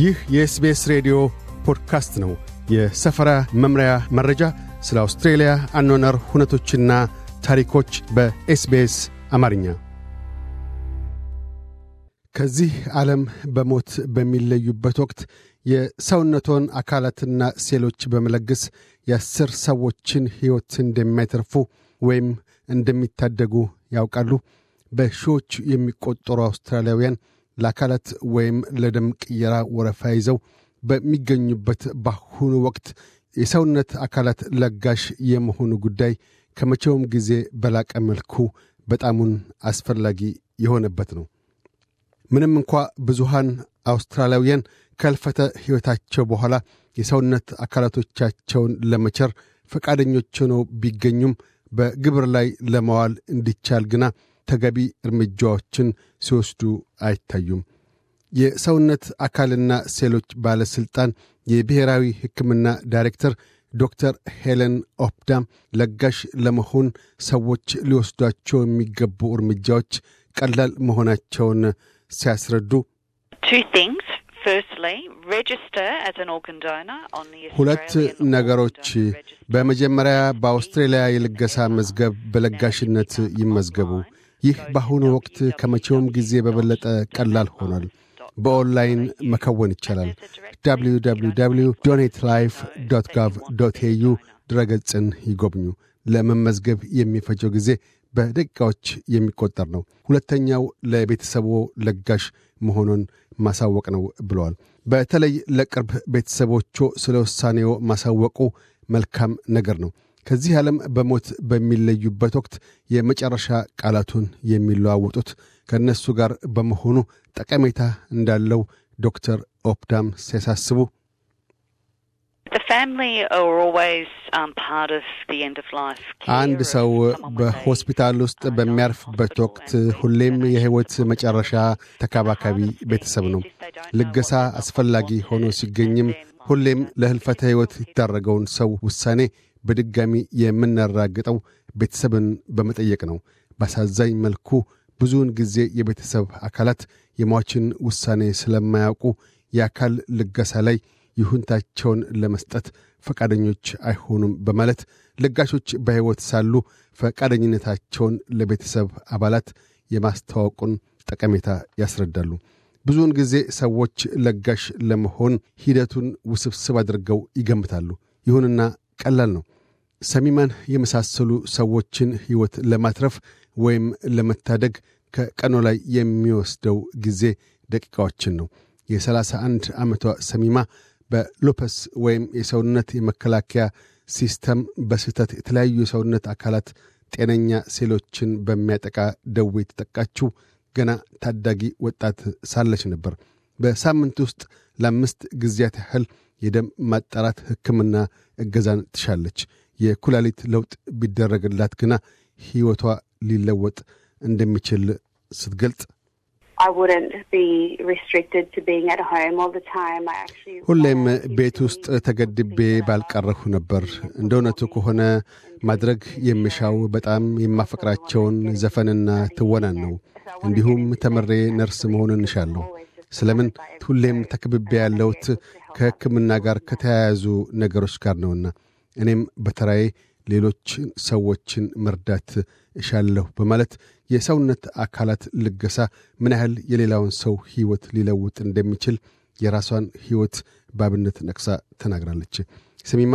ይህ የኤስቤስ ሬዲዮ ፖድካስት ነው። የሰፈራ መምሪያ መረጃ፣ ስለ አውስትሬልያ አኗኗር ሁነቶችና ታሪኮች በኤስቤስ አማርኛ። ከዚህ ዓለም በሞት በሚለዩበት ወቅት የሰውነቶን አካላትና ሴሎች በመለገስ የአስር ሰዎችን ሕይወት እንደሚያተርፉ ወይም እንደሚታደጉ ያውቃሉ። በሺዎች የሚቆጠሩ አውስትራሊያውያን ለአካላት ወይም ለደም ቅየራ ወረፋ ይዘው በሚገኙበት በአሁኑ ወቅት የሰውነት አካላት ለጋሽ የመሆኑ ጉዳይ ከመቼውም ጊዜ በላቀ መልኩ በጣሙን አስፈላጊ የሆነበት ነው። ምንም እንኳ ብዙሃን አውስትራሊያውያን ከልፈተ ሕይወታቸው በኋላ የሰውነት አካላቶቻቸውን ለመቸር ፈቃደኞች ሆነው ቢገኙም በግብር ላይ ለመዋል እንዲቻል ግና ተገቢ እርምጃዎችን ሲወስዱ አይታዩም። የሰውነት አካልና ሴሎች ባለሥልጣን የብሔራዊ ሕክምና ዳይሬክተር ዶክተር ሄለን ኦፕዳም ለጋሽ ለመሆን ሰዎች ሊወስዷቸው የሚገቡ እርምጃዎች ቀላል መሆናቸውን ሲያስረዱ ሁለት ነገሮች፣ በመጀመሪያ በአውስትሬልያ የልገሳ መዝገብ በለጋሽነት ይመዝገቡ። ይህ በአሁኑ ወቅት ከመቼውም ጊዜ በበለጠ ቀላል ሆኗል። በኦንላይን መከወን ይቻላል። www ዶኔት ላይፍ ዶት ጋቭ ዶት ኤዩ ድረገጽን ይጎብኙ። ለመመዝገብ የሚፈጀው ጊዜ በደቂቃዎች የሚቆጠር ነው። ሁለተኛው ለቤተሰቡ ለጋሽ መሆኑን ማሳወቅ ነው ብለዋል። በተለይ ለቅርብ ቤተሰቦቹ ስለ ውሳኔው ማሳወቁ መልካም ነገር ነው። ከዚህ ዓለም በሞት በሚለዩበት ወቅት የመጨረሻ ቃላቱን የሚለዋወጡት ከእነሱ ጋር በመሆኑ ጠቀሜታ እንዳለው ዶክተር ኦፕዳም ሲያሳስቡ um, አንድ ሰው በሆስፒታል ውስጥ በሚያርፍበት ወቅት ሁሌም የሕይወት መጨረሻ ተካባካቢ ቤተሰብ ነው። ልገሳ አስፈላጊ ሆኖ ሲገኝም ሁሌም ለህልፈት ሕይወት ይዳረገውን ሰው ውሳኔ በድጋሚ የምናራግጠው ቤተሰብን በመጠየቅ ነው። በአሳዛኝ መልኩ ብዙውን ጊዜ የቤተሰብ አካላት የሟችን ውሳኔ ስለማያውቁ የአካል ልገሳ ላይ ይሁንታቸውን ለመስጠት ፈቃደኞች አይሆኑም በማለት ለጋሾች በሕይወት ሳሉ ፈቃደኝነታቸውን ለቤተሰብ አባላት የማስተዋወቁን ጠቀሜታ ያስረዳሉ። ብዙውን ጊዜ ሰዎች ለጋሽ ለመሆን ሂደቱን ውስብስብ አድርገው ይገምታሉ። ይሁንና ቀላል ነው። ሰሚማን የመሳሰሉ ሰዎችን ሕይወት ለማትረፍ ወይም ለመታደግ ከቀኖ ላይ የሚወስደው ጊዜ ደቂቃዎችን ነው። የ31 ዓመቷ ሰሚማ በሎፐስ ወይም የሰውነት የመከላከያ ሲስተም በስህተት የተለያዩ የሰውነት አካላት ጤነኛ ሴሎችን በሚያጠቃ ደዌ የተጠቃችው ገና ታዳጊ ወጣት ሳለች ነበር። በሳምንት ውስጥ ለአምስት ጊዜያት ያህል የደም ማጣራት ሕክምና እገዛን ትሻለች። የኩላሊት ለውጥ ቢደረግላት ግና ህይወቷ ሊለወጥ እንደሚችል ስትገልጽ ሁሌም ቤት ውስጥ ተገድቤ ባልቀረሁ ነበር። እንደ እውነቱ ከሆነ ማድረግ የምሻው በጣም የማፈቅራቸውን ዘፈንና ትወናን ነው። እንዲሁም ተመሬ ነርስ መሆን እንሻለሁ ስለምን ሁሌም ተክብቤ ያለውት ከህክምና ጋር ከተያያዙ ነገሮች ጋር ነውና። እኔም በተራዬ ሌሎች ሰዎችን መርዳት እሻለሁ በማለት የሰውነት አካላት ልገሳ ምን ያህል የሌላውን ሰው ህይወት ሊለውጥ እንደሚችል የራሷን ህይወት ባብነት ነቅሳ ተናግራለች። ስሚማ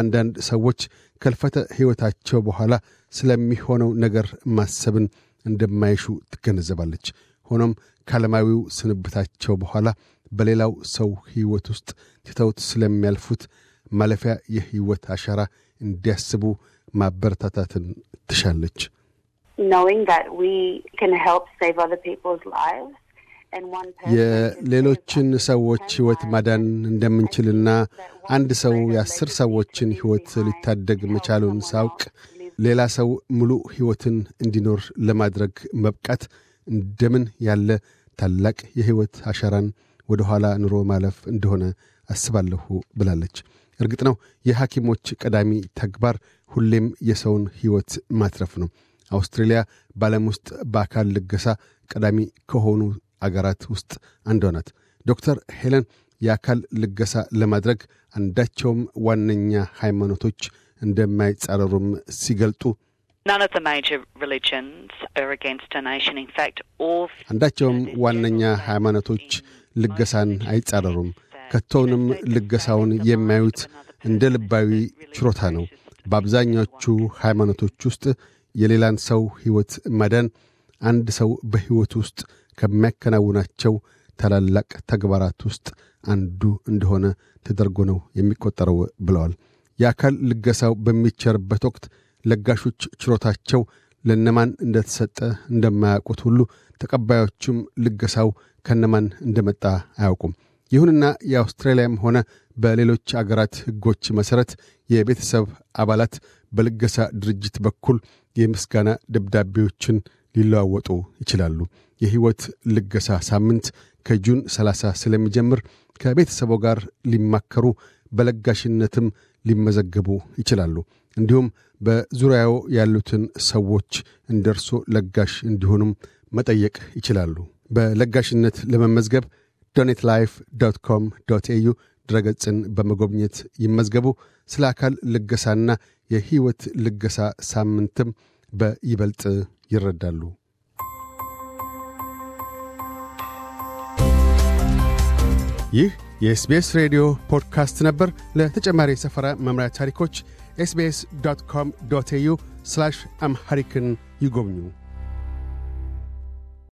አንዳንድ ሰዎች ከልፈተ ሕይወታቸው በኋላ ስለሚሆነው ነገር ማሰብን እንደማይሹ ትገነዘባለች። ሆኖም ከዓለማዊው ስንብታቸው በኋላ በሌላው ሰው ህይወት ውስጥ ትተውት ስለሚያልፉት ማለፊያ የህይወት አሻራ እንዲያስቡ ማበረታታትን ትሻለች። የሌሎችን ሰዎች ሕይወት ማዳን እንደምንችልና አንድ ሰው የአስር ሰዎችን ሕይወት ሊታደግ መቻሉን ሳውቅ ሌላ ሰው ሙሉ ሕይወትን እንዲኖር ለማድረግ መብቃት እንደምን ያለ ታላቅ የሕይወት አሻራን ወደ ኋላ ኑሮ ማለፍ እንደሆነ አስባለሁ ብላለች። እርግጥ ነው የሐኪሞች ቀዳሚ ተግባር ሁሌም የሰውን ሕይወት ማትረፍ ነው። አውስትሬልያ በዓለም ውስጥ በአካል ልገሳ ቀዳሚ ከሆኑ አገራት ውስጥ አንዷ ናት። ዶክተር ሄለን የአካል ልገሳ ለማድረግ አንዳቸውም ዋነኛ ሃይማኖቶች እንደማይጻረሩም ሲገልጡ አንዳቸውም ዋነኛ ሃይማኖቶች ልገሳን አይጻረሩም። ከቶውንም ልገሳውን የሚያዩት እንደ ልባዊ ችሮታ ነው። በአብዛኛዎቹ ሃይማኖቶች ውስጥ የሌላን ሰው ሕይወት መዳን አንድ ሰው በሕይወት ውስጥ ከሚያከናውናቸው ታላላቅ ተግባራት ውስጥ አንዱ እንደሆነ ተደርጎ ነው የሚቆጠረው ብለዋል። የአካል ልገሳው በሚቸርበት ወቅት ለጋሾች ችሮታቸው ለነማን እንደተሰጠ እንደማያውቁት ሁሉ ተቀባዮቹም ልገሳው ከነማን እንደመጣ አያውቁም። ይሁንና የአውስትራሊያም ሆነ በሌሎች አገራት ሕጎች መሠረት የቤተሰብ አባላት በልገሳ ድርጅት በኩል የምስጋና ደብዳቤዎችን ሊለዋወጡ ይችላሉ። የሕይወት ልገሳ ሳምንት ከጁን 30 ስለሚጀምር ከቤተሰቦ ጋር ሊማከሩ በለጋሽነትም ሊመዘገቡ ይችላሉ። እንዲሁም በዙሪያው ያሉትን ሰዎች እንደ እርሶ ለጋሽ እንዲሆኑም መጠየቅ ይችላሉ። በለጋሽነት ለመመዝገብ ዶኔት ላይፍ ዶት ኮም ዶት ኤዩ ድረገጽን በመጎብኘት ይመዝገቡ። ስለ አካል ልገሳና የህይወት ልገሳ ሳምንትም በይበልጥ ይረዳሉ። ይህ የኤስቤስ ሬዲዮ ፖድካስት ነበር። ለተጨማሪ የሰፈራ መምሪያ ታሪኮች ኤስቤስ ዶት ኮም ዶት ኤዩ ስላሽ አምሐሪክን ይጎብኙ።